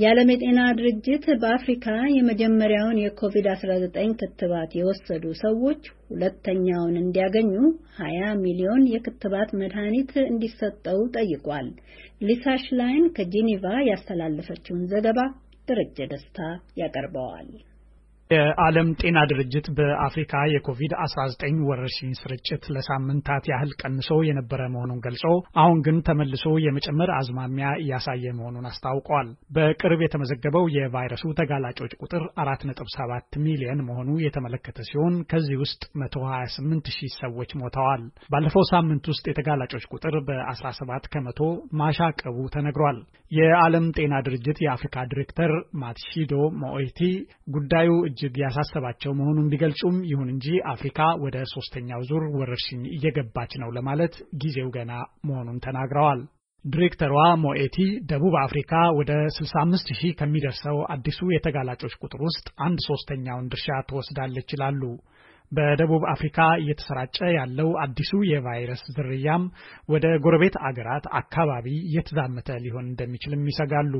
የዓለም የጤና ድርጅት በአፍሪካ የመጀመሪያውን የኮቪድ-19 ክትባት የወሰዱ ሰዎች ሁለተኛውን እንዲያገኙ 20 ሚሊዮን የክትባት መድኃኒት እንዲሰጠው ጠይቋል። ሊሳሽላይን ላይን ከጄኔቫ ያስተላለፈችውን ዘገባ ደረጀ ደስታ ያቀርበዋል። የዓለም ጤና ድርጅት በአፍሪካ የኮቪድ-19 ወረርሽኝ ስርጭት ለሳምንታት ያህል ቀንሶ የነበረ መሆኑን ገልጾ አሁን ግን ተመልሶ የመጨመር አዝማሚያ እያሳየ መሆኑን አስታውቋል። በቅርብ የተመዘገበው የቫይረሱ ተጋላጮች ቁጥር 4.7 ሚሊዮን መሆኑ የተመለከተ ሲሆን ከዚህ ውስጥ 128 ሺህ ሰዎች ሞተዋል። ባለፈው ሳምንት ውስጥ የተጋላጮች ቁጥር በ17 ከመቶ ማሻቀቡ ተነግሯል። የዓለም ጤና ድርጅት የአፍሪካ ዲሬክተር ማትሺዶ ሞኤቲ ጉዳዩ እጅግ ያሳሰባቸው መሆኑን ቢገልጹም ይሁን እንጂ አፍሪካ ወደ ሶስተኛው ዙር ወረርሽኝ እየገባች ነው ለማለት ጊዜው ገና መሆኑን ተናግረዋል። ዲሬክተሯ ሞኤቲ ደቡብ አፍሪካ ወደ 65 ሺህ ከሚደርሰው አዲሱ የተጋላጮች ቁጥር ውስጥ አንድ ሶስተኛውን ድርሻ ትወስዳለች ይላሉ። በደቡብ አፍሪካ እየተሰራጨ ያለው አዲሱ የቫይረስ ዝርያም ወደ ጎረቤት አገራት አካባቢ እየተዛመተ ሊሆን እንደሚችልም ይሰጋሉ።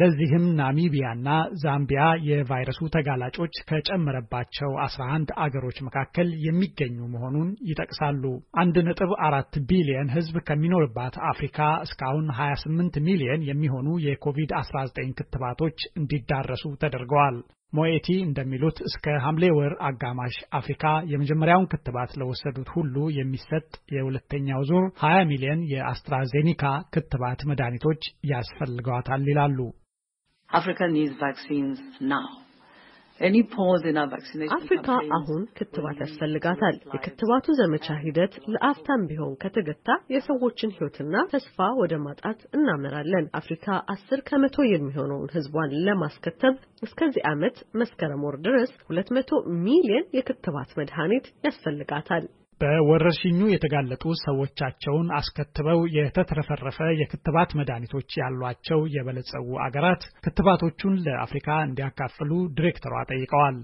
ለዚህም ናሚቢያና ዛምቢያ የቫይረሱ ተጋላጮች ከጨመረባቸው 11 አገሮች መካከል የሚገኙ መሆኑን ይጠቅሳሉ። 1.4 ቢሊየን ሕዝብ ከሚኖርባት አፍሪካ እስካሁን 28 ሚሊየን የሚሆኑ የኮቪድ-19 ክትባቶች እንዲዳረሱ ተደርገዋል። ሞኤቲ እንደሚሉት እስከ ሐምሌ ወር አጋማሽ አፍሪካ የመጀመሪያውን ክትባት ለወሰዱት ሁሉ የሚሰጥ የሁለተኛው ዙር 20 ሚሊዮን የአስትራዜኒካ ክትባት መድኃኒቶች ያስፈልገዋታል ይላሉ። አፍሪካ ኒድስ ቫክሲንስ ናው አፍሪካ አሁን ክትባት ያስፈልጋታል። የክትባቱ ዘመቻ ሂደት ለአፍታም ቢሆን ከተገታ የሰዎችን ሕይወትና ተስፋ ወደ ማጣት እናመራለን። አፍሪካ አስር ከመቶ የሚሆነውን ሕዝቧን ለማስከተብ እስከዚህ ዓመት መስከረም ወር ድረስ ሁለት መቶ ሚሊየን የክትባት መድኃኒት ያስፈልጋታል። በወረርሽኙ የተጋለጡ ሰዎቻቸውን አስከትበው የተትረፈረፈ የክትባት መድኃኒቶች ያሏቸው የበለጸጉ አገራት ክትባቶቹን ለአፍሪካ እንዲያካፍሉ ዲሬክተሯ ጠይቀዋል።